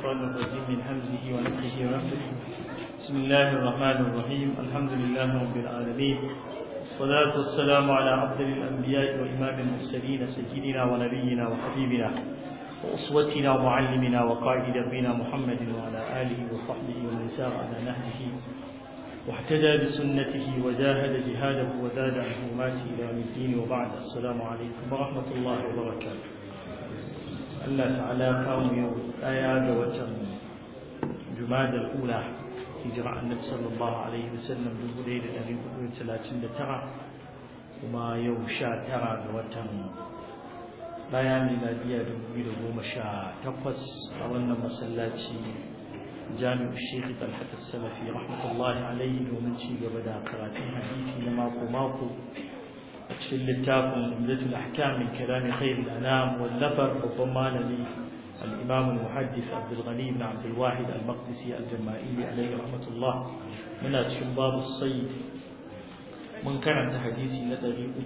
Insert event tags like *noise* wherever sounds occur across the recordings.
الشيطان الرجيم من همزه ونفخه ونفخه بسم الله الرحمن الرحيم الحمد لله رب العالمين الصلاة والسلام على عبد الأنبياء وإمام المرسلين سيدنا ونبينا وحبيبنا وأسوتنا ومعلمنا وقائد دربنا محمد وعلى آله وصحبه ومن سار على نهجه واحتدى بسنته وجاهد جهاده وزاد عن إلى إلى الدين وبعد السلام عليكم ورحمة الله وبركاته Allah ta'ala kawo yau daya ga watan Jumada al-Ula hijira Annabi sallallahu alaihi wasallam 1439 kuma yau 19 ga watan daya miladiya 2018 a wannan masallaci jami'u Sheikh Talhat Salafi rahmatullahi alaihi domin ci gaba da karatun hadisi na mako mako a cikin littafin limzatul ahkamin min kalam khair al anam wal nafar ربما لي الامام المحدث عبد الغني بن عبد الواحد المقدسي الجمائلي عليه رحمه الله cikin باب الصيد من karanta hadisi na 392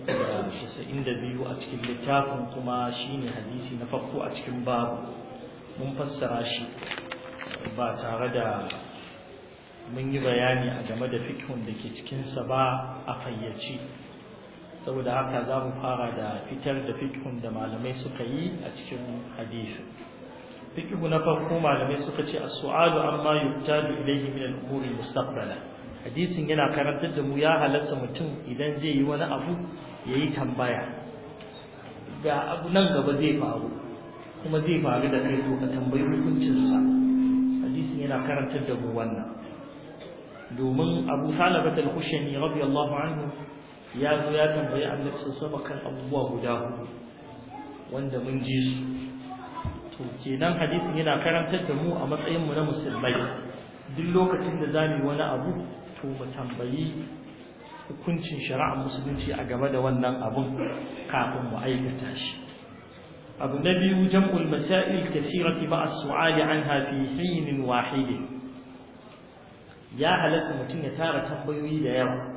a cikin littafin kuma shine hadisi na farko a cikin bab mun fassara shi ba tare da mun yi bayani a game da fikhun da ke cikinsa ba a fayyace saboda haka za mu fara da fitar da fikihun da malamai suka yi a cikin hadisi fikihu na farko malamai suka ce as-su'alu amma yuktadu ilayhi min al-umuri mustaqbala hadisin yana karantar da mu ya halarta mutum idan zai yi wani abu yayi tambaya ga abu nan gaba zai faru kuma zai faru da kai to ka tambayi hukuncinsa hadisin yana karantar da mu wannan domin Abu Salabah al-Khushani radiyallahu anhu ya zo ya tambayi annabi sallallahu saba kan abubuwa guda hudu wanda mun ji su to kenan hadisin yana karantar da mu a matsayin mu na musulmai duk lokacin da zamu wani abu to mu tambayi hukuncin shari'ar musulunci a game da wannan abun kafin mu aikata shi abu na biyu jam'ul masail kathirati ma'a su'ali anha fi hinin wahidin ya halatta mutum ya tara tambayoyi da yawa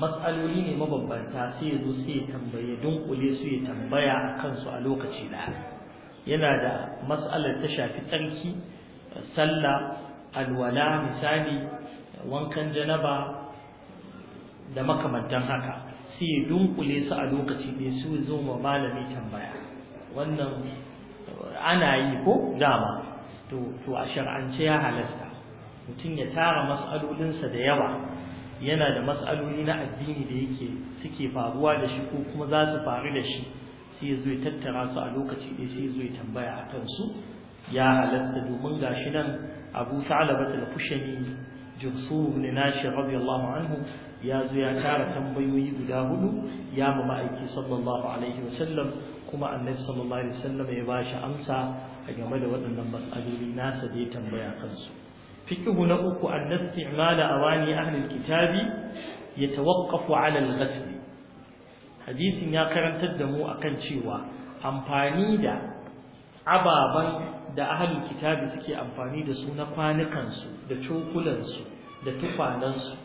matsaloli ne mabambanta sai ya zo sai ya tambaye dunkule su ya tambaya a kansu a lokaci ɗaya yana da matsalar ta shafi tsarki sallah alwala misali wankan janaba da makamantan haka sai ya dunkule su a lokaci ne su zo ma malami tambaya wannan ana yi ko dama to a shar'ance ya halasta mutum ya tara matsalolinsa da yawa yana da matsaloli na addini da yake suke faruwa da shi ko kuma za su faru da shi sai ya zo ya tattara su a lokaci ɗaya sai ya zo ya tambaya a kansu ya halatta domin shi nan abu ta'alabat al-kushani jursur ibn nashir radiyallahu anhu ya zo ya tara tambayoyi guda hudu ya ma ma'aiki sallallahu alaihi wasallam kuma annabi sallallahu alaihi wasallam ya bashi amsa a game da waɗannan matsaloli nasa da ya tambaya kansu fiqhu na uku annasti'mal awani ahli alkitabi yatawaqqafu ala alghasl hadisin ya karantar da mu akan cewa amfani da ababan da ahlul kitabi suke amfani da su na su, da cokulan su, da su,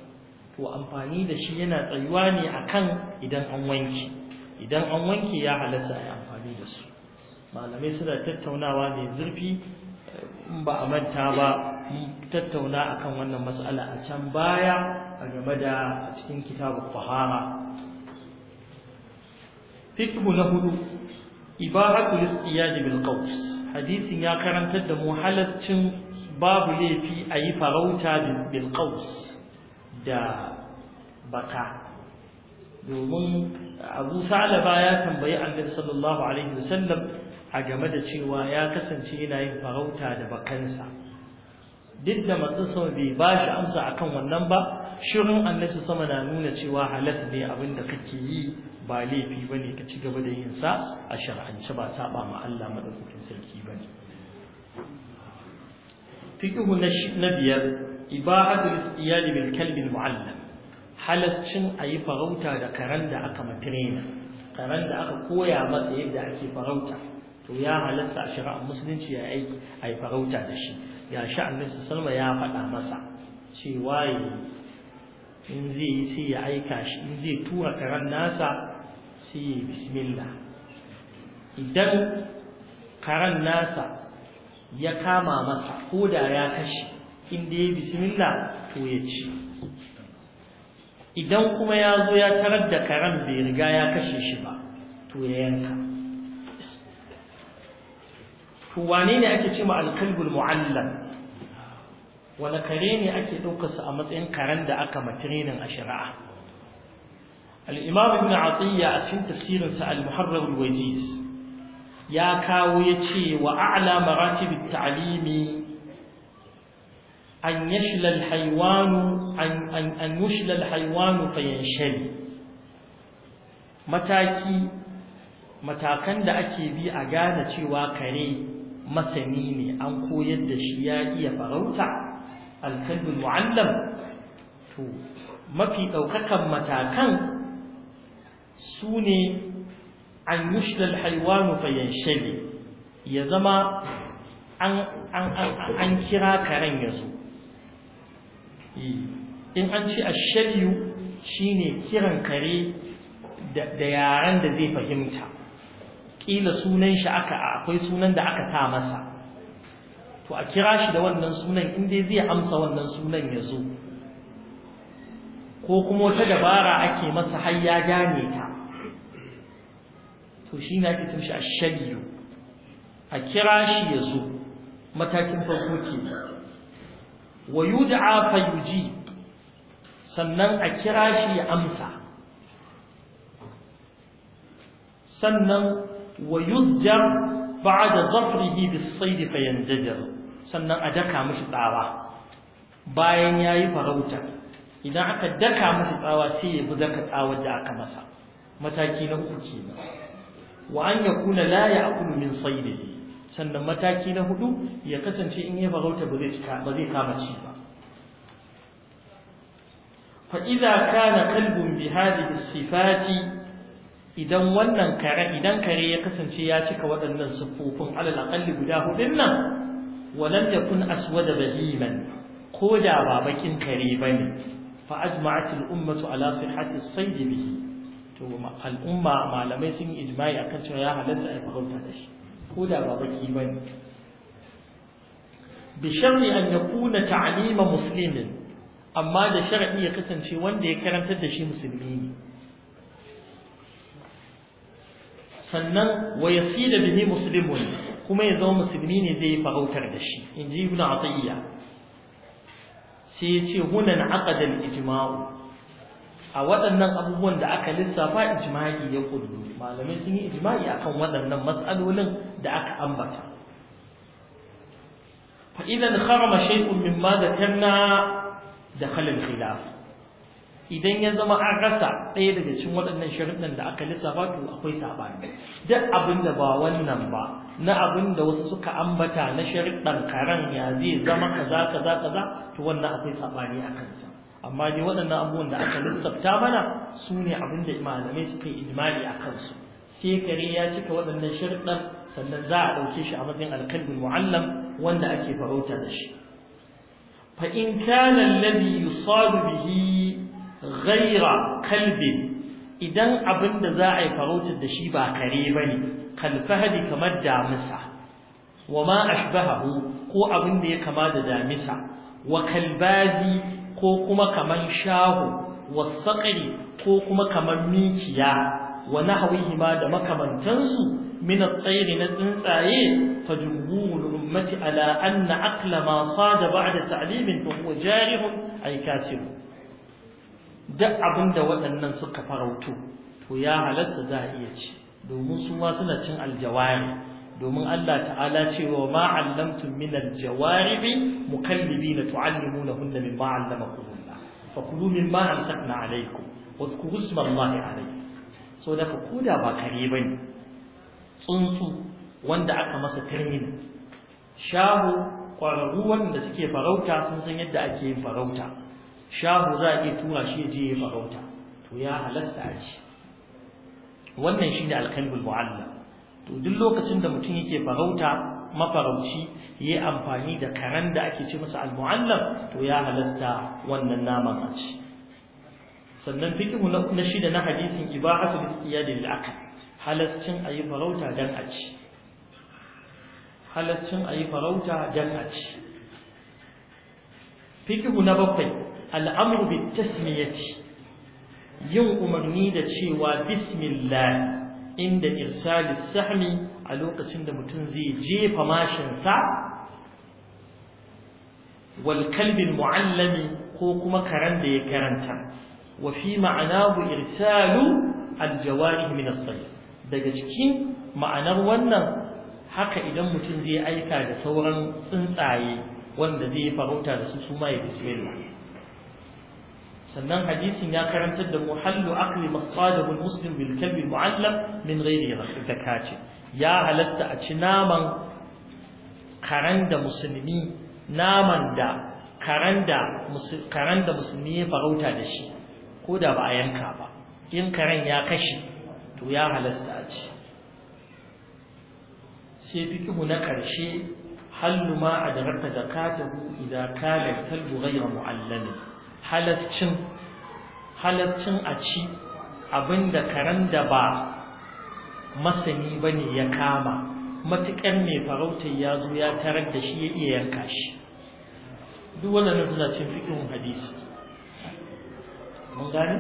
to amfani da shi yana tsayuwa ne akan idan an wanke idan an wanke ya halatta a amfani da su malamai suna tattaunawa mai zurfi in ba a manta ba mu tattauna akan wannan matsala a can baya a game da a cikin kitabul fahara fitbu na hudu ibahatul istiyad bil qaws hadisin ya karantar da mu halaccin babu laifi a yi farauta bil qaws da baka domin Abu Sa'laba ya tambayi Annabi sallallahu alaihi wasallam a game da cewa ya kasance yana yin farauta da bakansa duk da matsinsa bai ba shi amsa akan wannan ba shirin annabi sama na nuna cewa halas ne abin da kake yi ba laifi ba ne ka ci gaba da yin sa a shar'ance ba saba ma Allah madaukakin sarki ba ne Fiƙihu na biyar ibahatul istiyali bil kalbi mu'allam halaccin ayi farauta da karen da aka matrena karen da aka koya masa yadda ake farauta to ya halatta a shari'ar musulunci ya aiki a yi farauta da shi ya sha annabi salma ya faɗa masa cewa in zai yi sai ya aika shi in zai tura karen nasa sai ya bismillah idan karen nasa ya kama masa ko da ya kashe in da ya bismillah to ya ci idan kuma ya zo ya tarar da karen bai riga ya kashe shi ba to ya yanka to wane ne ake cewa alkalbul mu'allam wani kare ne ake ɗaukarsa a matsayin karen da aka matrinin a shari'a al'imam ibn atiyya a cikin tafsirinsa al-muharrar wajiz ya kawo ya ce wa a'la maratib ta'alimi an yashla al-haywanu an an yushla al-haywanu mataki matakan da ake bi a gane cewa kare masani ne an koyar da shi ya iya farauta alkalbul mu'allam to mafi ɗaukakan matakan su ne an yushlal haiwanu fayanshali ya zama an kira karen ya zo eh, in an ci ashaliyu shine kiran kare da yaren da zai fahimta kila sunan shi aka akwai sunan da aka ta masa to a kira shi da wannan sunan in dai zai amsa wannan sunan ya zo ko kuma wata dabara ake masa har ya gane ta to shi na ake shi a shabiyu a kira shi ya zo matakin farko ke wa yud'a fa yuji sannan a kira shi ya amsa sannan ويزجر بعد ظفره بالصيد فينزجر sannan a daka mishi tsawa bayan yayi farauta idan aka daka mishi tsawa sai ya bi daka tsawar da aka masa mataki na uku kenan wa an yakuna la a min saydihi sannan mataki na hudu ya kasance in ya farauta ba zai ba kama ci ba fa idza kana qalbun bi hadhihi sifati idan wannan kare idan kare ya kasance ya cika waɗannan siffofin alal aqalli guda hudun nan walam yakun aswada bahiman ko da ba bakin kare bane fa ajma'at al ummatu ala sihhati as-sayd bihi to al umma malamai sun yi ijma'i akan cewa ya halatta a farauta da shi ko da ba baki bane bi sharri an yakuna ta'lima muslimin amma da shar'i ya kasance wanda ya karantar da shi musulmi ne sannan wa yasila bihi muslimun kuma ya zama musulmi ne zai yi farautar da shi inji ji ibn atiyya sai ya ce hunan aqadal ijma'u a waɗannan abubuwan da aka lissafa ijma'i ya kullu malamai sun yi ijma'i akan waɗannan matsalolin da aka ambata fa idan kharama shay'un mimma dhakarna dakhala al-khilaf idan ya zama an rasa ɗaya daga cikin waɗannan sharuɗan da aka lissafa to akwai saɓani duk abin da ba wannan ba na abin da wasu suka ambata na sharuɗan karen ya zai zama kaza kaza kaza to wannan akwai saɓani a kansa amma dai waɗannan abubuwan da aka lissafta mana su ne abin da malamai suka yi imani a kansu sai kare ya cika waɗannan sharuɗan sannan za a ɗauke shi a matsayin alkalbin mu'allam wanda ake farauta da shi fa in kana alladhi yusadu bihi ghaira kalbi idan abin da za a yi farautar da shi ba kare ba ne kalfahadi kamar damisa wa ma ashbahahu ko abin da ya kama da damisa wa kalbazi ko kuma kamar shahu wa saƙari ko kuma kamar mikiya wa nahawihi ma da makamantansu من الطير نتنسعي na الأمة على أن أقل da ba بعد تعليم فهو a yi kasiru. duk abinda waɗannan suka farautu, to ya halatta za a iya ci domin su ma suna cin aljawari domin Allah ta'ala cewa ma allamtum min aljawaribi mukallibina tu'allimunahunna mimma allamakum Allah fa kulu mimma amsakna alaykum wa dhkuru isma Allah so da ka koda ba kare bane tsuntsu wanda aka masa tirmin shahu kwararru wanda suke farauta sun san yadda ake yin farauta shahu za a iya tura shi je ya farauta to ya halasta a ci wannan shi da alkalbul mu'alla to duk lokacin da mutum yake farauta mafarauci ya yi amfani da karen da ake ce masa al to ya halasta wannan naman a ci sannan fikihu na shida na hadisin da istiyad lil akl halascin ayi farauta dan a ci halascin ayi farauta dan a ci fikihu na bakwai al'amru bi tasmiyati yin umarni da cewa bismillah inda irsalis sahmi a lokacin da mutum zai jefa mashinsa wal kalbin mu'allami ko kuma karen da ya karanta wa fi ma'anahu irsalu aljawarih min daga cikin ma'anar wannan haka idan mutum zai aika da sauran tsuntsaye wanda zai farauta da su su ma ya bismillah sannan hadisin ya karantar da muhallu aqli masqadahu muslim bil kalbi mu'allam min ghairi zakati ya halatta a ci naman karan da musulmi naman da karan da karan da musulmi ya farauta da shi ko da ba a yanka ba in karan ya kashe to ya halasta a ci sai fikihu na karshe hallu ma adraka zakatahu idza kana al-kalbu ghayra mu'allamin halaccin halaccin a ci abinda karan da ba masani ba ne ya kama matuƙar mai farautar ya zo ya tarar da shi ya iya yanka shi duk wannan suna cin fikin hadisi mun gane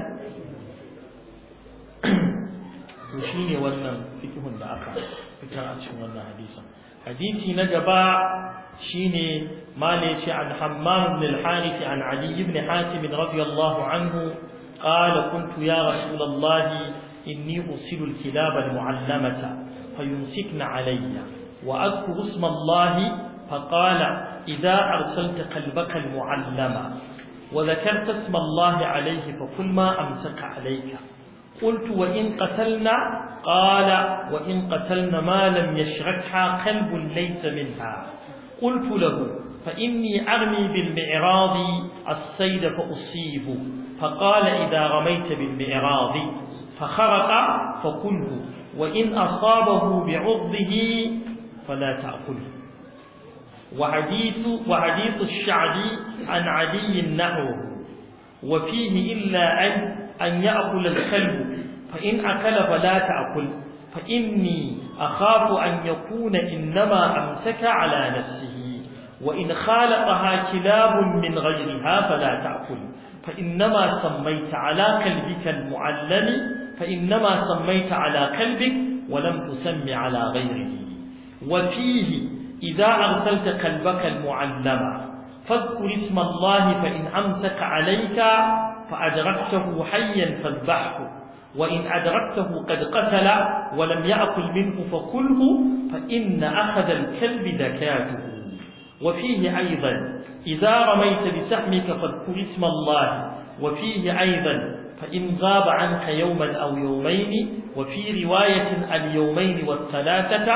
*clears throat* to shi ne wannan fiƙihun da aka fitar a cikin wannan hadisin hadisi na gaba shine mala ce an hammam ibn al-harith an ali ibn hatim radiyallahu anhu qala kuntu ya rasulullah inni usilu al-kilab al-muallamata fayumsikna alayya wa adhkuru isma allah فقال إذا أرسلت قلبك المعلمة وذكرت اسم الله عليه فكل ما أمسك عليك قلت وإن قتلنا قال وإن قتلنا ما لم يشركها قلب ليس منها قلت له فإني أرمي بالمعراض السيد فأصيب فقال إذا رميت بالمعراض فخرق فكله وإن أصابه بعضه فلا تأكله وحديث, وحديث الشعبي عن علي نحوه وفيه إلا أن, أن يأكل الكلب فإن أكل فلا تأكل فإني أخاف أن يكون إنما أمسك على نفسه وإن خالقها كلاب من غيرها فلا تأكل فإنما سميت على قلبك المعلم فإنما سميت على قلبك ولم تسم على غيره وفيه إذا أرسلت قلبك المعلم فاذكر اسم الله فإن أمسك عليك فأدركته حيا فاذبحه وإن أدركته قد قتل ولم يأكل منه فكله فإن أخذ الكلب ذكاته وفيه أيضا إذا رميت بسهمك فاذكر اسم الله وفيه أيضا فإن غاب عنك يوما أو يومين وفي رواية اليومين والثلاثة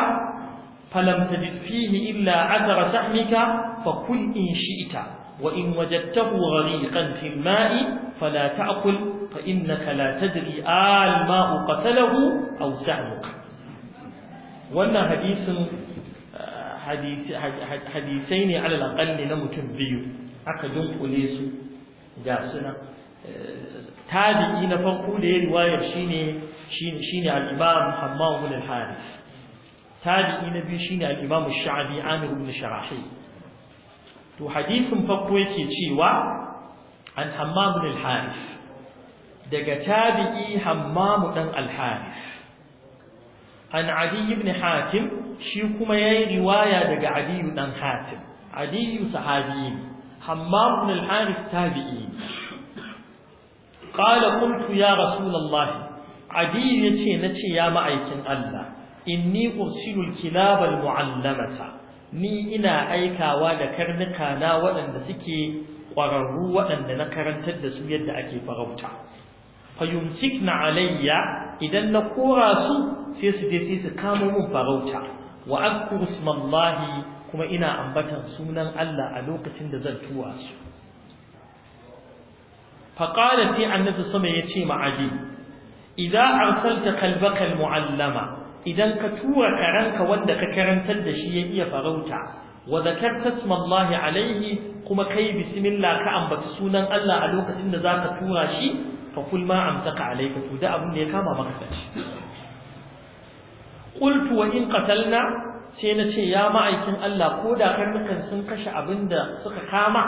فلم تجد فيه إلا أثر سهمك فكل إن شئت وإن وجدته غريقا في الماء فلا تأكل inna kala ta diri alma’u ƙatalahu wannan uh, hadisai ne alalakalli na mutum biyu aka dunkule su ga suna uh, tabi'i na farko da ya riwayar shine shine al-imam hammam ibn al-harith tabi'i biyu shine al-imam ash-sha'bi amir ibn sharahi to hadisin farko yake cewa an hammam ibn al daga tabi'i hammamu dan al-harith an adi ibn hatim shi kuma yayi riwaya daga adi dan hatim adi sahabi hammamu ibn al-harith tabi'i qala qultu ya rasulullah adi yace nace ya ma'aikin Allah inni ursilu Kilabar kilab muallamata ni ina aikawa da karnuka na waɗanda suke ƙwararru waɗanda na karantar da su yadda ake farauta fayumsikna alayya idan na kora su sai su je sai su kamo mun farauta wa azkuru smallahi kuma ina ambatan sunan Allah a lokacin da zan tuwa su faqala fi annabi sama yace ma ali idza arsalta qalbaka almuallama idan ka tura karanka wanda ka karantar da shi ya iya farauta wa zakarta smallahi alayhi kuma kai bismillah ka ambaci sunan Allah a lokacin da zaka tura shi fa kul ma amsaka alayka da abin da ya kama maka kace qultu wa in qatalna sai na ce ya ma'aikin Allah ko da karnukan sun kashe abin da suka kama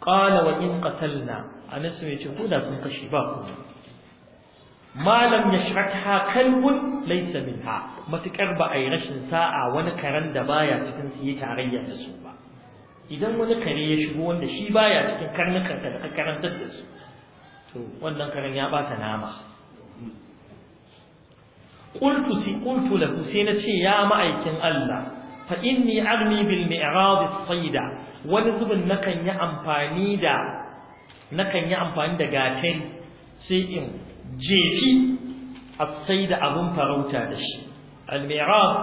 qala wa in qatalna anas ya ce ko da sun kashe ba komai malam ya shrakha kalbun laysa minha matukar ba ai rashin sa'a wani karen da baya cikin su yi tarayya da su ba idan wani kare ya shigo wanda shi baya cikin karnukan ka da ka karantar da su to wannan karen ya bata nama qultu si qultu lahu ya ma'aikin Allah fa inni armi bil mi'rad as-sayda wani zubin nakan yi amfani da nakan yi amfani da gatai sai in jefi as-sayda abun farauta da shi al-mi'rad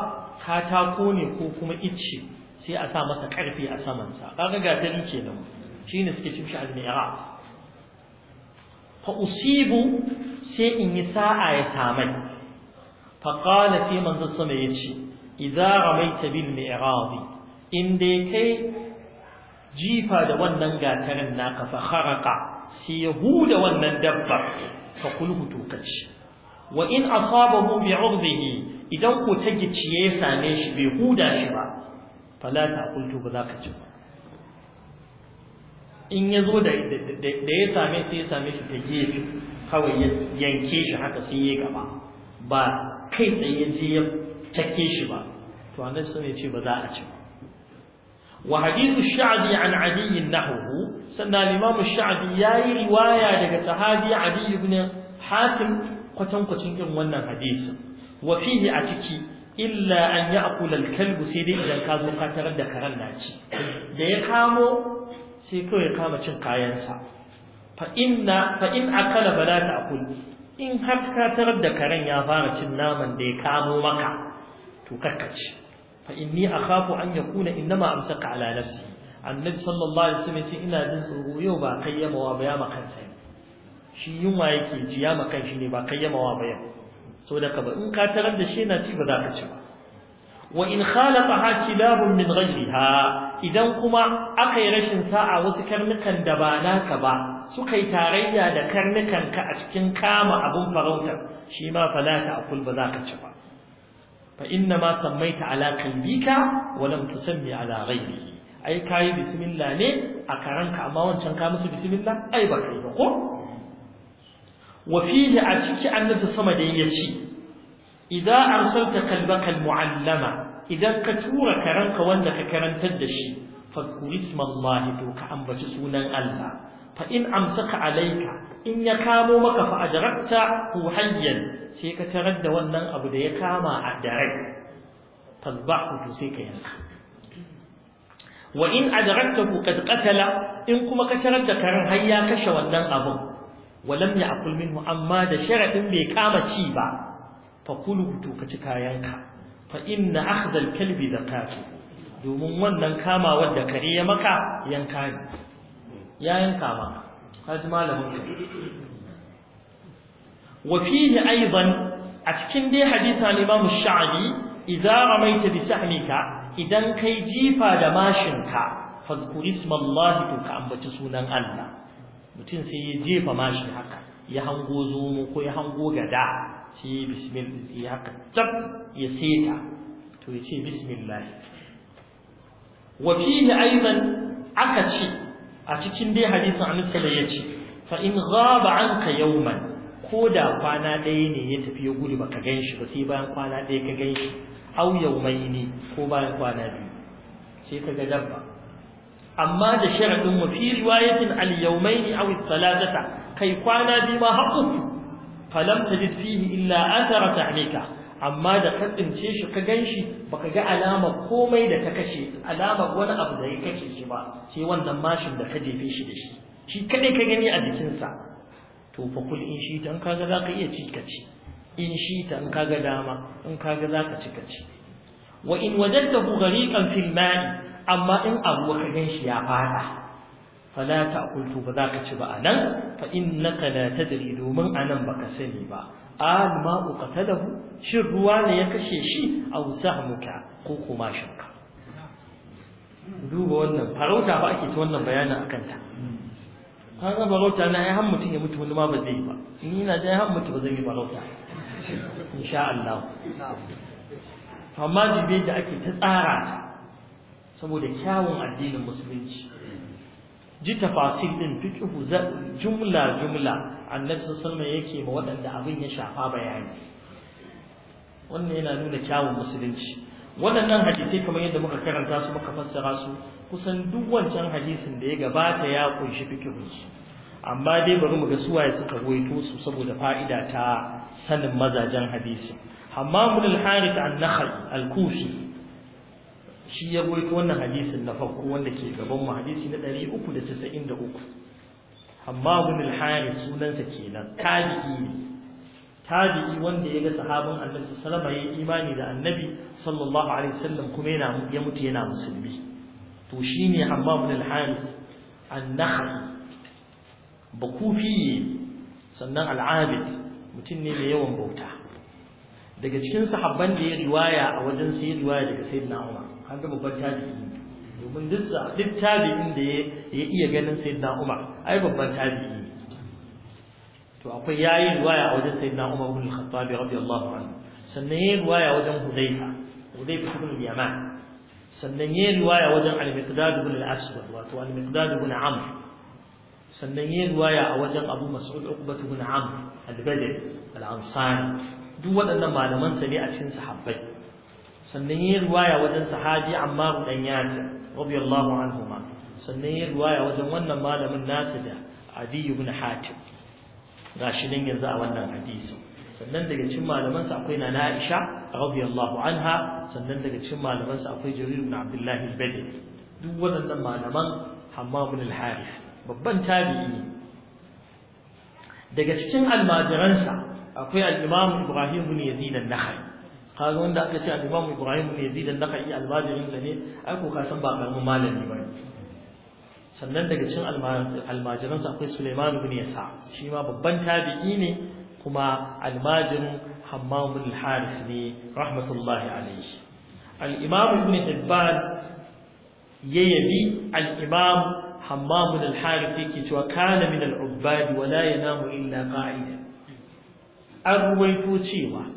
katako ne ko kuma icce sai a sa masa ƙarfi a samansa kaga gatari kenan shine suke cin shi al-mi'raj fa usibu sai in yi sa'a ya samai fa qala sai manzo sama yace idza ramaita bil mi'raj in dai kai jifa da wannan gatarin naka fa kharaqa sai ya huda wannan dabbar fa kulhu tukaci wa in asabahu bi'urdihi idan ku ta giciye same shi bai huda shi ba Falata ta kultu ba za ka ci in ya zo da ya same sai ya same shi ta gefe kawai yanke shi haka sai ya gaba ba kai tsaye ya je ya take shi ba to annabi sun ya ce ba za a ci wa hadithu sha'bi an adi nahwu sannan imam sha'bi yayi riwaya daga sahabi adi ibn hatim kwatankwacin irin wannan hadisi, wa fihi a ciki illa an ya'kula al-kalbu sai dai idan ka zo ka tarar da karan naci da ya kamo sai kawai kama cin kayansa fa inna fa in akala bala ta'kul in har ka tarar da karen ya fara cin naman da ya kamo maka to karkace fa inni akhafu an ya yakuna innama amsaka ala nafsi annabi sallallahu alaihi wasallam ya ce ina jin tsoro yau ba kayyamawa ba ya makansa shi yunwa yake ji ya makan shi ne ba kayyamawa ba yau saboda ka ba in ka tarar da shi yana ci ba za ka ci ba wa in khalaqaha kilabun min ghayriha idan kuma aka yi rashin sa'a wasu karnukan da ba naka ba suka yi tarayya da karnukan ka a cikin kama abun farauta, shi ma fala ta akul ba za ka ci ba fa inna ma sammaita ala qalbika wa lam tusammi ala ghayrihi ai kai bismillah ne a karanka amma wancan ka musu bismillah ai ba kai ba ko wa a ciki annabi sama da yace idza arsalta qalbaka almuallama idan ka tura karanka wanda ka karantar da shi fadhkur isma Allah to ka ambaci sunan Allah fa in amsaka alaika. in ya kamo maka fa ajrakta hayyan sai ka tarar da wannan abu da ya kama a dare ka yanka wa in in kuma ka tarar da karan har ya kashe wannan abun walam ya'kul minhu amma da sharadin bai kama ci ba fa kulu to ka ci kayanka fa inna akhdha al-kalbi zakatu domin wannan kama wanda kare ya maka yanka ne ya yanka ma kaji malamin ka wa fihi a cikin dai hadisi al-imam sha'bi idza ramaita bi idan kai jifa da mashinka fazkur isma Allah to ka ambaci sunan Allah mutum sai ya jefa mashi haka ya hango zomo ko ya hango gada shi bismillah ya haka tab ya seta to ya ce bismillah wa fihi aidan aka ce a cikin dai hadisin annabi sallallahu ya ce fa in ghaba anka yawman ko da kwana ɗaya ne ya tafi ya gudu baka gan shi ba sai bayan kwana ɗaya ka gan shi au yaumaini ko bayan kwana biyu sai ka ga dabba amma da sharadin mu fi riwayatin al-yawmayn aw al-thalathata kai kwana bi ma haqqu falam tajid fihi illa athara amma da ka tsince shi ka ganshi baka ga alamar komai da ta kashe alamar wani abu da ya kashe shi ba sai wannan mashin da ka jefe shi da shi shi kadai ka gani a jikinsa to fa kul in shi tan kaga zaka iya ci ka ci in shi tan kaga dama in kaga zaka ci ka ci wa in wajadtahu ghariqan fil ma'i amma in abu ka gan shi ya fada fala ta'kultu ba za ka ci ba anan fa innaka la tadri domin anan baka sani ba al ma'u qatalahu shi ruwa ne ya kashe shi aw sahmuka ko kuma shanka duba wannan farauta ba ake ta wannan bayanin akan ta an ga farauta na ai har mutum ya mutu wani ma ba zai ba ni na da har mutu ba zai yi farauta insha Allah amma jibi da ake ta tsara saboda kyawun addinin musulunci ji tafasil din fiqhu jumla jumla annabi sallallahu yake ma waɗanda abin ya shafa bayani wannan yana nuna kyawun musulunci waɗannan hadisai kamar yadda muka karanta su muka fassara su kusan duk wancan hadisin da ya gabata ya kunshi fikihun su amma dai bari mu ga suwaye suka goyito su saboda fa'ida ta sanin mazajen hadisi hammam al-harith an-nakhl al-kufi shi ya goyi wannan hadisin na farko wanda ke gaban mu hadisi na 393 amma ibn al-harith sunansa kenan tabi'i ne tabi'i wanda ya ga sahabin annabi sallallahu alaihi wasallam imani da annabi sallallahu alaihi wasallam kuma yana ya mutu yana musulmi to shine hammam ibn al-harith an-nakhl bakufi sannan al-abid mutum ne mai yawan bauta daga cikin sahabban da ya riwaya a wajen sai riwaya daga sayyidina Umar an kaga babban tabi'i domin duk duk tabi'in da ya iya ganin sayyidina Umar ai babban tabi'i to akwai yayi ruwaya a wajen sayyidina Umar bin Khattab radiyallahu anhu sannan yayi ruwaya wajen Hudayfa Hudayfa ibn Yaman sannan yayi ruwaya wajen Al-Miqdad ibn Al-Aswad wato Al-Miqdad ibn Amr sannan yayi ruwaya a wajen Abu Mas'ud Uqbah ibn Amr al-Badr al-Ansari duk waɗannan malaman sa ne a cikin sahabbai sannan yi ruwaya wajen sahabi amma dan yasir radiyallahu anhuma sannan yi ruwaya wajen wannan malamin nasu da adi ibn hatim gashi nan yanzu a wannan hadisi sannan daga cikin malaman sa akwai nana Aisha radiyallahu anha sannan daga cikin malaman sa akwai Jarir ibn Abdullah al-Badi duk waɗannan malaman Hammam ibn al-Harith babban tabi'i daga cikin almajiransa akwai al-Imam Ibrahim ibn Yazid an-Nakha'i kaga wanda aka ce al-Imam Ibrahim bin Yazid an-Nakhai almajirin sa ne ai ko ka san ba karamin malami ba sannan daga cikin almajiran sa akwai Sulaiman bin Yasa shi ma babban tabi'i ne kuma almajirin Hammam al Harith ne rahmatullahi alayhi al-Imam Ibn Hibban yayi al-Imam Hammam al Harith yake cewa kana min al-ubbad wa la yanamu illa qa'idan an ruwaito cewa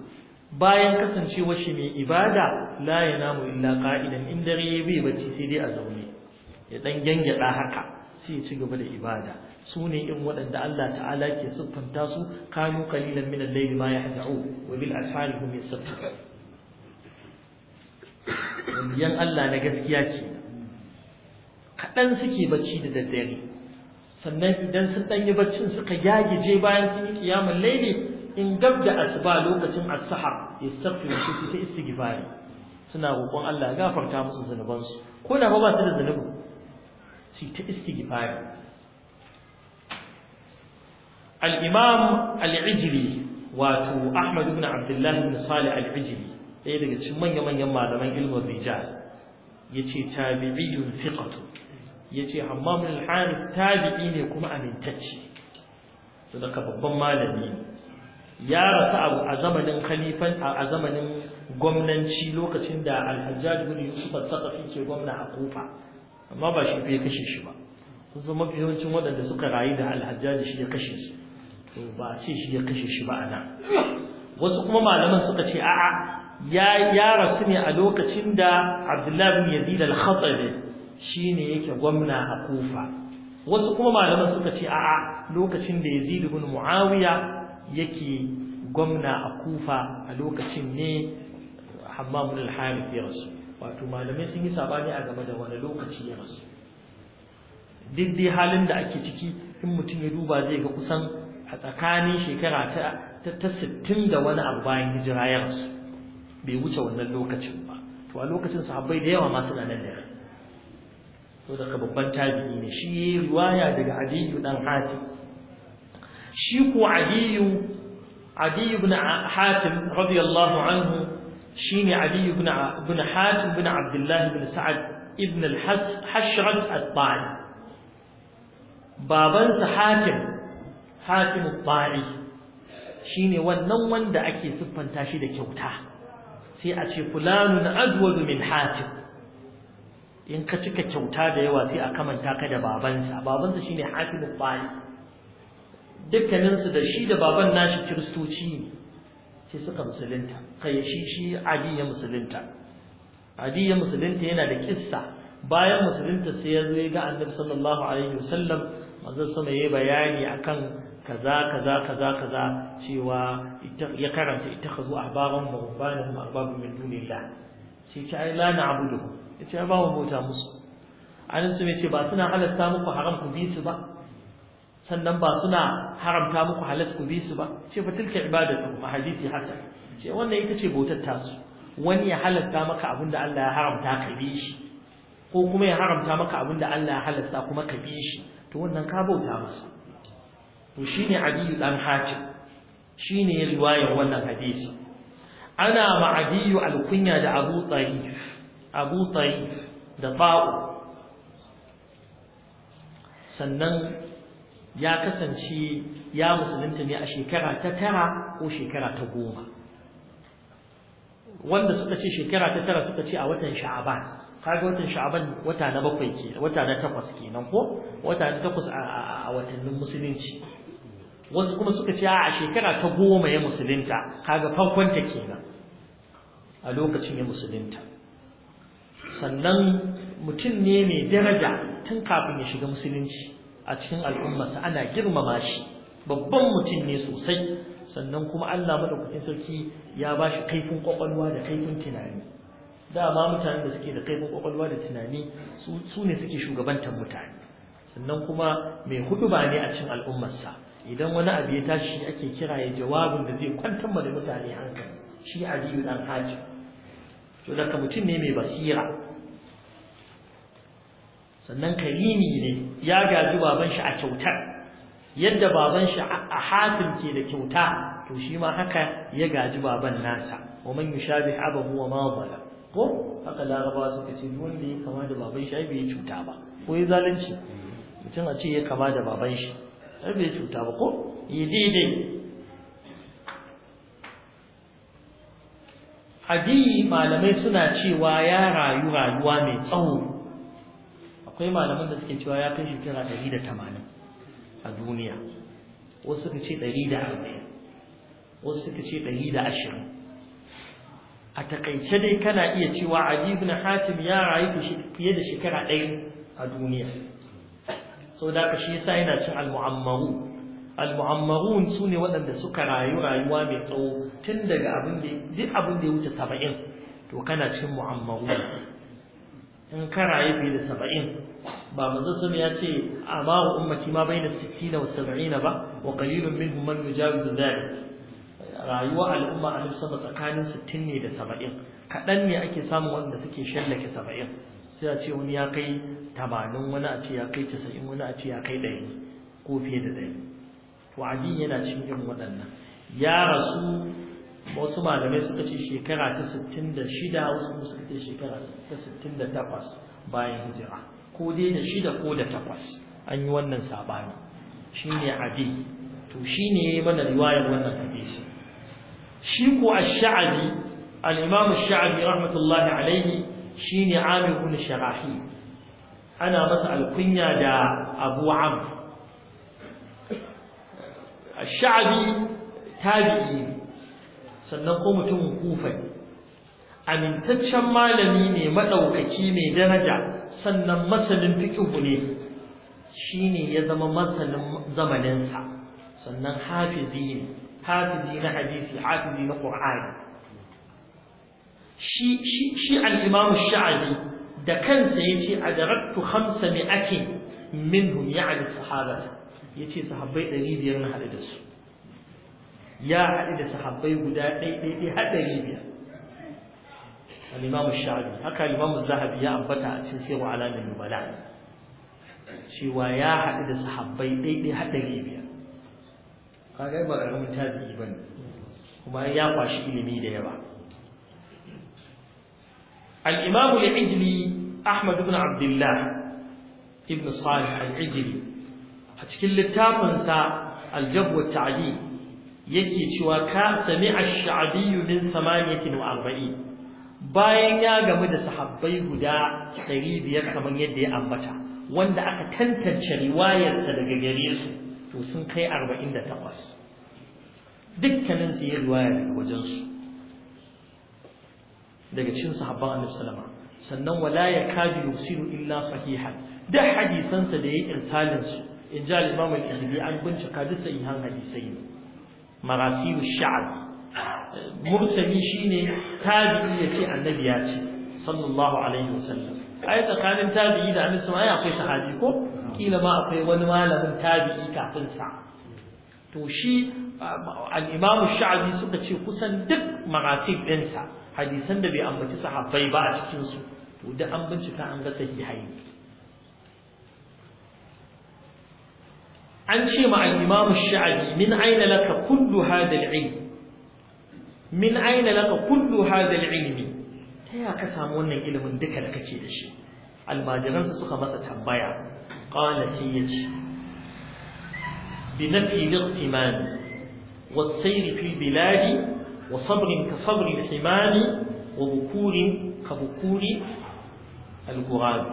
bayan kasancewar shi mai ibada la ya namu illa qa'idan in dare ya bai bacci sai dai a zaune ya dan gyangyada haka sai ya ci gaba da ibada Sune ne in waɗanda Allah ta'ala ke siffanta su kanu qalilan min al-layli ma yahda'u wa bil asfari hum yasabbihu yan Allah na gaskiya ce kaɗan suke bacci da daddare sannan idan sun ɗan yi baccin suka je bayan sun yi kiyamun laili in gab da asuba lokacin as-sahar yastaghfiru su sai istighfari suna roƙon Allah ya gafarta musu zunubansu ko da ba su da zunubi Sai ta istighfari al-imam al-ijli wato Ahmad ibn Abdullah ibn Salih al-Ijli ɗaya daga cikin manya-manyan malaman ilmin rijal yace tabi'iyun fiqatu yace Hammam al-Harith tabi'i ne kuma amintacce sadaka babban malami ne ya rasu a zamanin khalifan a zamanin gwamnanci lokacin da alhajjaj bin yusuf al-saqafi ke gwamna a kufa amma ba shi ya kashe shi ba kun san mafi yawancin waɗanda suka rayu da alhajjaj shi ya kashe su to ba ce shi ya kashe shi ba anan wasu kuma malaman suka ce a'a ya ya rasu ne a lokacin da abdullahi bin yazid al-khatabi shine yake gwamna a kufa wasu kuma malaman suka ce a'a lokacin da yazid bin muawiya yake gwamna a kufa a lokacin ne hammamun al ya rasu wato malamai sun yi sabani a game da wani lokaci ya rasu duk dai halin da ake ciki in mutum ya duba zai ga kusan a tsakanin shekara ta ta sittin da wani abu bayan hijira ya rasu bai wuce wannan lokacin ba to a lokacin sahabbai da yawa ma suna nan da so daga babban tabi'i ne shi riwaya daga hadiyu dan hatim shi ko adiyu adiyu ibn hatim radiyallahu anhu shine adiyu ibn ibn hatim ibn abdullah ibn sa'ad ibn al-hashrat at-ta'i babansa hatim hatim at-ta'i shine wannan wanda ake siffanta shi da kyauta sai a ce fulanun adwadu min hatim in ka cika kyauta da yawa sai a kamanta ka da babansa babansa shine hatim at-ta'i dukkaninsu da shi da baban nashi kiristoci ne sai suka musulunta kai shi shi adi ya musulunta adi ya musulunta yana da kissa bayan musulunta sai ya zo ya ga annabi sallallahu alaihi wasallam manzon sama yayi bayani akan kaza kaza kaza kaza cewa ya karanta ittakhadhu ahbaran wa rubbanahum arbabun min dunillah sai ce ai la na'budu yace ba mu mota musu An su ce ba suna halatta muku haram ku bi su ba sannan ba suna haramta muku halas ku bi su ba ce fa tilka ibadatu hadisi hasan ce wannan ita ce bautar tasu wani ya halasta maka abinda Allah ya haramta ka bi shi ko kuma ya haramta maka abinda Allah ya halasta kuma ka bi shi to wannan ka bauta masa to shine Adiyu dan Hatim shine ya riwaya wannan hadisi ana ma al-kunya da Abu Tayyib Abu Tayyib da Ba'u sannan ya kasance ya musulunta ne a shekara ta tara ko shekara ta goma wanda suka ce shekara ta tara suka ce a watan sha'aban kaga watan sha'aban wata na bakwai ke wata na takwas kenan ko wata na takwas a watannin musulunci wasu kuma suka ce a shekara ta goma ya musulunta kaga farkon ta kenan a lokacin ya musulunta sannan mutum ne mai daraja tun kafin ya shiga musulunci a cikin al'ummarsa ana girmama shi babban mutum ne sosai sannan kuma Allah madaukakin sarki ya ba shi kaifin kwakwalwa da kaifin tunani dama mutanen da suke da kaifin kwakwalwa da tunani su ne suke shugabantar mutane sannan kuma mai huduba ne a cikin al'ummarsa idan wani abu ya tashi ake kira ya jawabin da zai kwantar da mutane hankali shi aliyu dan haji to daga mutum ne mai basira sannan karimi ne ya gaji baban shi a kyautar yadda baban shi a hatim ke da kyauta to shi ma haka ya gaji baban nasa wa man yushabih abahu wa ma zala ko haka laraba suka ce duk wanda ya kama da baban shi bai cuta ba ko ya zalunci mutum a ce ya kama da baban shi ai bai cuta ba ko yi daidai hadi malamai suna cewa ya rayu rayuwa mai tsawo akwai malaman da suke cewa ya kai shekara ɗari da tamanin a duniya wasu suka ce ɗari da arba'in wasu suka ce ɗari da ashirin a takaice dai kana iya cewa Ali ibn Hatim ya rayu fiye da shekara ɗaya a duniya saboda haka shi yasa yana cin al-mu'ammaru al-mu'ammarun sune waɗanda suka rayu rayuwa mai tsawo tun daga abin da duk abin da ya wuce saba'in to kana cin mu'ammaru in ka raye fiye da saba'in ba manzo sun ya ce a ba ummati ma bai da sittina wa saba'ina ba wa kalilun minhum man yujawizu dhalik rayuwa al'umma a nufsa tsakanin sittin ne da saba'in kaɗan ne ake samun wanda suke shallake saba'in sai a ce wani ya kai tamanin wani a ce ya kai casa'in wani a ce ya kai ɗari ko fiye da ɗaya. to yana cikin irin waɗannan ya rasu wasu malamai suka ce shekara ta 66 wasu suka ce shekara ta 68 bayan hijira ko dai da shida ko da takwas an yi wannan sabani shine abi to shine mana riwayar wannan hadisi shi ko ash-sha'bi al-imam ash-sha'bi rahmatullahi alayhi shine amir ibn sharahi ana masa alkunya da abu amr ash-sha'bi tabi'i sannan ko mutumin kufa amintaccen malami ne maɗaukaki mai daraja sannan masanin fiƙihu ne shine ya zama masanin zamaninsa sannan hafizi ne hafizi na hadisi hafizi na ƙur'ani. shi shi shi al-imam sha'abi da kansa yace adaraktu 500 minhum ya'ni sahaba yace sahabbai 500 na hadu da su ya haɗu da sahabbai guda ɗaiɗaiɗai har ɗari biyar al-imam shafi haka al-imam zahabi ya ambata a cikin sirru alamin nubala cewa ya haɗu da sahabbai ɗaiɗai har ɗari biyar kaga ba ƙaramin tabi'i bane kuma ya kwashi ilimi da yawa al-imam al-ijli ahmad ibn abdullah ibn salih al-ijli a cikin littafinsa al-jabr wa yake cewa ka sami ash-sha'bi min 48 bayan ya gamu da sahabbai guda 500 kamar yadda ya ambata wanda aka tantance riwayarsa daga gare su to sun kai 48 dukkanin su yi riwaya daga wajen su daga cikin sahabban Annabi sallama sannan wala yakadu yusiru illa sahihan da hadisansa da ya irsalin su in ji al-Imam al-Ihbi an bincika duk sahihan hadisai ne marasilu sha'ab mursali shine tabi'i ya ce annabi ya ce sallallahu alaihi wasallam ai tsakanin tabi'i da annabi ai akwai sahabi ko kila ma akwai wani malamin tabi'i kafin sa to shi al-imamu sha'abi suka ce kusan duk maratib ɗinsa hadisan da bai ambaci sahabbai ba a cikin su to da an bincika an ga sahihai an ce ma al sha'adi min aina laka kullu hadal al-ilm min aina laka kullu ta ya ka samu wannan ilimin duka da kake da shi almajiran suka masa tambaya qala sai yace bi wa al-ihtimam والسير في البلاد وصبر كصبر الحمام وبكور كبكور الغراب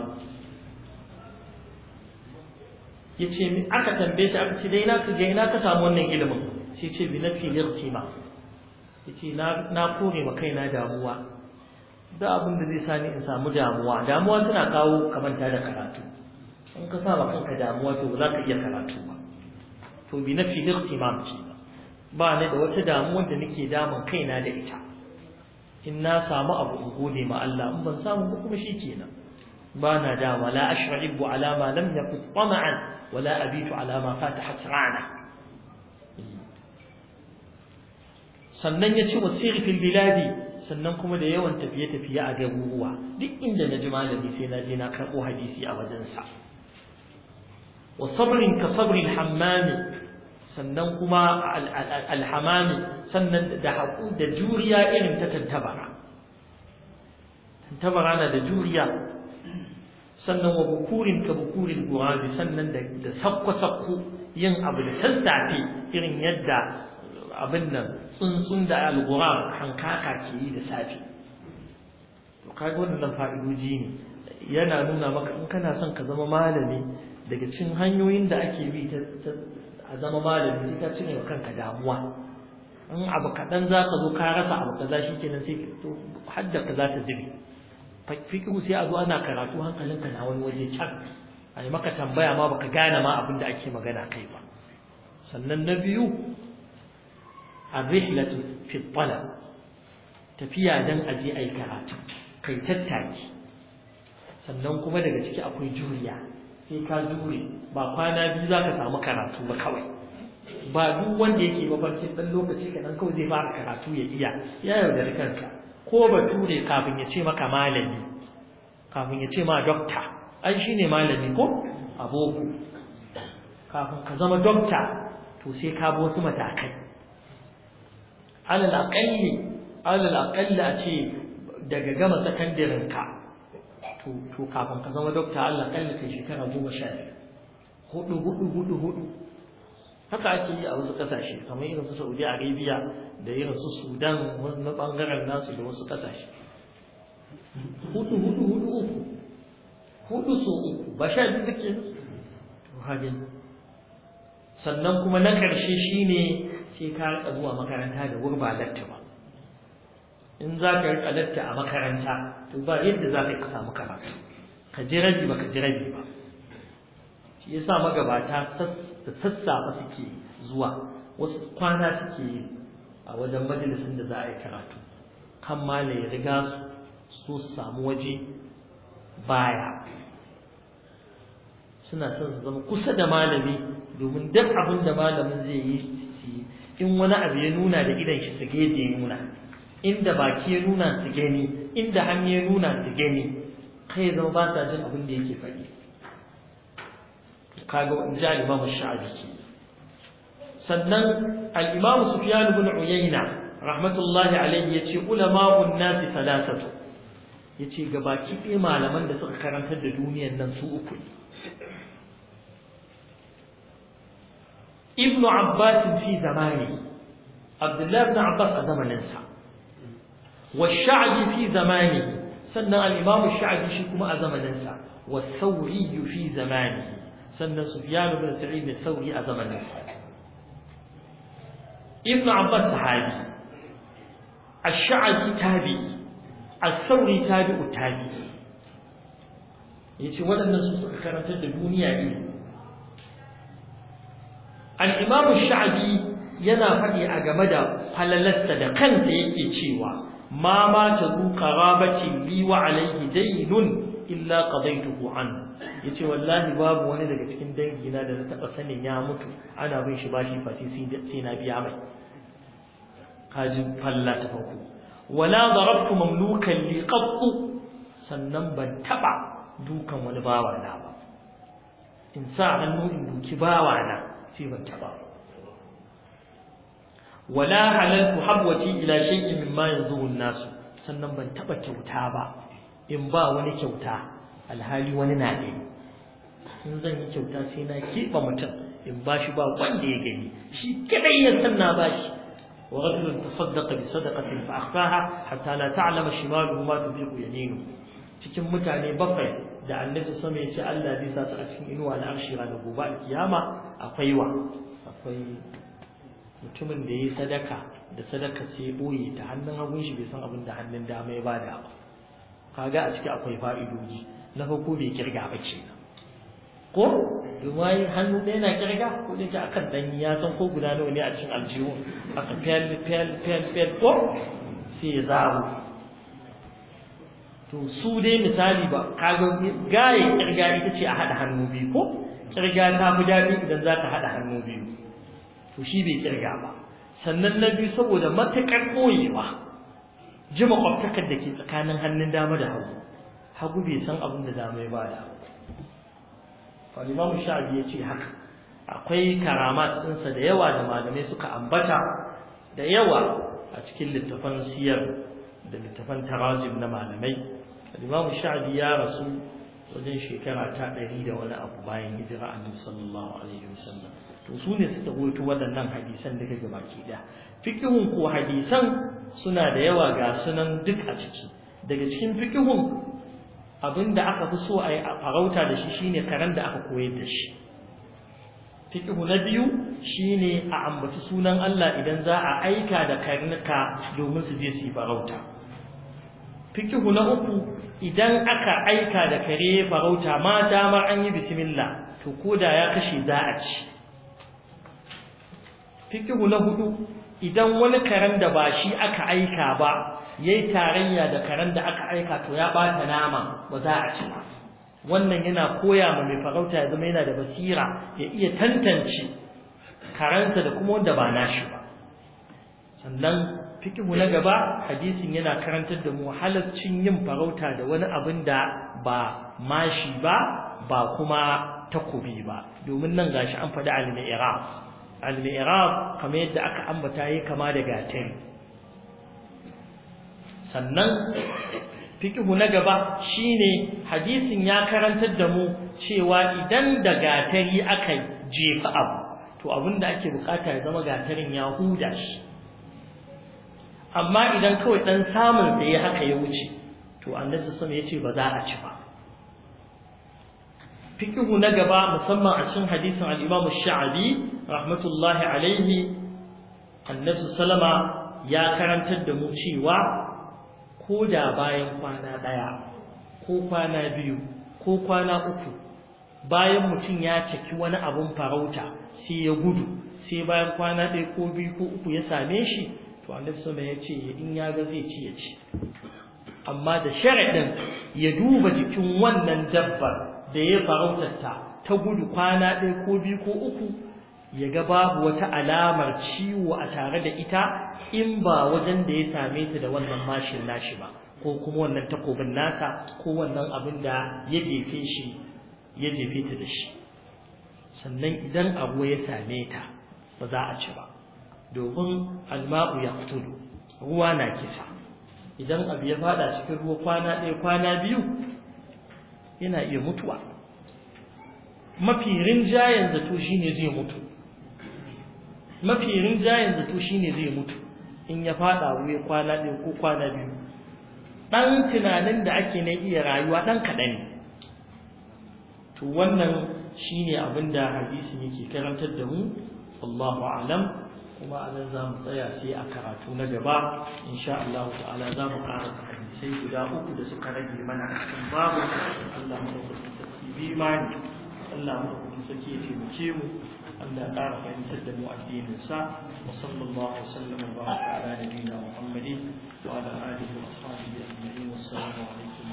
yace aka tambaye shi aka ce dai na ka ga ina ka samu wannan ilimin shi ce bi na nafi ma. yace na na kore ma kaina damuwa da abin da zai sani in samu damuwa damuwa tana kawo ta da karatu in ka sa kanka damuwa to ba za ka iya karatu ba to bi na nafi ma ce ba ni da wata damuwa da nake damun kaina da ita in na samu abu in gode ma Allah in ban samu ba kuma shi kenan. بانا دا ولا أشعب على ما لم يكن طمعا ولا أبيت على ما فات حسرانا sannan ya ce wasiri fil biladi sannan kuma da yawan tafiye tafiye a garuruwa duk inda na ji malami sai na je na karɓo hadisi a wajensa wa sabrin ka sabrin hammami sannan kuma alhamami sannan da haƙu da juriya irin ta tantabara tantabara na da juriya sannan wa bukurin ka bukurin gurabi sannan da sakko-sakko yin abu da sassafe irin yadda abin nan tsuntsun da alguram hankaka ke yi da safe to kaga wannan fa'idoji ne yana nuna maka in kana son ka zama malami daga cikin hanyoyin da ake bi ta a zama malami sai ka cire wa kanka damuwa in abu kaɗan za ka zo ka rasa abu kaza shi kenan sai to hadda ka za ta jibi fiqhu sai a zo ana karatu hankalinka na wani waje can A yi maka tambaya ma baka gane ma abin da ake magana kai ba sannan na biyu a rihlatu fi talab tafiya dan aje ai karatu kai tattaki sannan kuma daga ciki akwai juriya sai ka jure ba kwana biyu zaka samu karatu ba kawai ba duk wanda yake mafarkin dan lokaci kadan kawai zai fara karatu ya iya ya yaudari kanka ko bature kafin ya ce maka malami kafin ya ce ma dokta an shine malami ko aboku kafin ka zama dokta to sai ka bi wasu matakai alal aqalli a ce daga gama sakandirin ka to to kafin ka zama dokta alal aqalli kai shekara goma sha hudu hudu hudu hudu haka ake yi a wasu kasashe kamar irin su Saudi Arabia da irin su Sudan na bangaren nasu da wasu kasashe hudu hudu hudu uku hudu su uku ba sha biyu kake wahabin sannan kuma na karshe shine sai ka rika zuwa makaranta da wuri ba latta ba in za ka rika latta a makaranta to ba yadda za ka samu karatu ka ji rabi ba ka ji rabi ba shi yasa magabata sassafa suke zuwa wasu kwana suke a wajen majalisin da za a yi karatu kan male ya riga su su samu waje baya suna son su zama kusa da malami domin duk abin da malamin zai yi in wani abu ya nuna da idan shi sige da ya nuna inda baki ya nuna su gani inda hannu ya nuna su gani kai zama ba sa jin abin da yake faɗi قالوا جاء الإمام الشعبي سنن الإمام سفيان بن عيينة رحمة الله عليه يتي علماء الناس ثلاثة يتي قباكي إما لمن دس أخرم هد دوني أن كل ابن عباس في زمانه عبد الله بن عباس أدام ننسى والشعبي في زمانه سنن الإمام الشعبي شكما أدام ننسى والثوري في زمانه سن سفيان بن سعيد الثوري أزمن ابن عباس صحابي الشعبي تابي الثوري تابي تابي يتي ولا الناس كانت الدنيا إيه الإمام الشعبي ينافع أجمد فللست دقنت يتي ma ma ta zu qarabati bi wa alayhi daynun illa qadaytuhu an yace wallahi babu wani daga cikin dangi na da na taba sanin ya mutu ana bin shi bashi fasi sai na biya mai kaji falla ta farko wala darabtu mamlukan li qattu sannan ban taba dukan wani bawa na ba in sa hannu in duki bawa na sai ban taba ba wala halaltu habwati ila shay'in mimma yanzuhu nasu sannan ban taba kyauta ba in ba wani kyauta alhali wani na gani in zan yi kyauta sai na keɓe mutum in ba shi ba wanda ya gani shi kadai ya san na ba shi ورجل تصدق بصدقة فأخفاها حتى لا تعلم شماله ما تنفق يمينه cikin mutane bakwai da annabi sama ya ce Allah zai sa su a cikin inuwa na arshi ranar gobe a kiyama akwai wa akwai mutumin da ya yi sadaka da sadaka sai ɓoye ta hannun hagun shi bai san abin da hannun dama ya bada ba kaga a ciki akwai fa'idoji na farko bai kirga ba ce ko domin hannu ɗaya na kirga ko da ta akan danyi ya san ko guda nawa ne a cikin aljihu aka fiyar fiyar fiyar fiyar ko sai ya zaro to su dai misali ba kaga gaye kirga ita ce a haɗa hannu biyu ko kirga ta fi daɗi idan za ta haɗa hannu biyu to shi bai kirga ba sannan na biyu saboda matakar koyewa ji makwabtakar da ke tsakanin hannun dama da hagu hagu bai san abin da dama ya bada falimamu sha'abi ya ce haka akwai karamat ɗinsa da yawa da malamai suka ambata da yawa a cikin littafan siyar da littafan tarajim na malamai falimamu sha'abi ya rasu wajen shekara ta ɗari da wani abu bayan hijira annabi sallallahu alaihi wasallam to su ne suka goto waɗannan hadisan duka gabaki da fiqhun ko hadisan suna da yawa ga sunan duk a ciki daga cikin fiqhun abinda aka fi so a farauta da shi shine karen da aka koyar da shi fiqhu na biyu shine a ambaci sunan Allah idan za a aika da karnuka domin su je su yi farauta Fikihu na uku idan aka aika da kare farauta ma damar an yi bismillah to koda ya kashe za a ci fikihu na hudu idan wani karen da ba shi aka aika ba yayi tarayya da karen da aka aika to ya bata nama ba za a ci ba wannan yana koya ma mai farauta ya zama yana da basira ya iya tantance karensa da kuma wanda ba nashi ba sannan fikihu na gaba hadisin yana karantar da mu halaccin yin farauta da wani abin da ba mashi ba ba kuma takobi ba domin nan gashi an faɗi alimai iraq al-mi'rab kamar yadda aka ambata yi kama da gatari sannan fikihu na gaba shine hadisin ya karantar da mu cewa idan da gatari aka jefa abu to abinda ake bukata ya zama gatarin ya huda shi amma idan kawai dan samun sai haka ya wuce to annabi sallallahu alaihi wasallam yace ba za a ci ba fiqhu na gaba musamman a cikin hadisin al-Imam Sha'abi rahmatullahi alaihi annabi sallama ya karantar da mu cewa ko da bayan kwana daya ko kwana biyu ko kwana uku bayan mutum ya ciki wani abun farauta sai ya gudu sai bayan kwana ɗaya ko biyu ko uku ya same shi to annabi sama ya ce in ya ga zai ci ya ci amma da sharaɗin ya duba jikin wannan dabbar da ya farautarta ta gudu kwana ɗaya ko biyu ko uku ya ga babu wata alamar ciwo a tare da ita in ba wajen da ya same ta da wannan mashin nashi ba ko kuma wannan takobin nasa ko wannan abin da ya jefe shi ya jefe ta da shi sannan idan abu ya same ta ba za a ci ba domin alma'u ya ruwa na kisa idan abu ya fada cikin ruwa kwana ɗaya kwana biyu yana iya mutuwa mafi rinjayen zato ne zai mutu mafi rinjayen zato ne zai mutu in ya fada wuya kwana ɗaya ko kwana biyu ɗan tunanin da ake na iya rayuwa ɗan kaɗan ne to wannan shi ne abin da ne yake karantar da mu Allahu a'lam kuma a nan za mu tsaya sai a karatu na gaba insha Allah ta'ala za mu ƙara sai guda uku da suka rage mana a cikin babu Allah mu dauki sarki bi mani Allah mu dauki sarki ya taimake mu Allah ya ƙara fahimtar da mu addinin sa wa sallallahu alaihi wasallam wa baraka ala nabiyina Muhammadin wa ala alihi wa ashabihi ajma'in wassalamu alaikum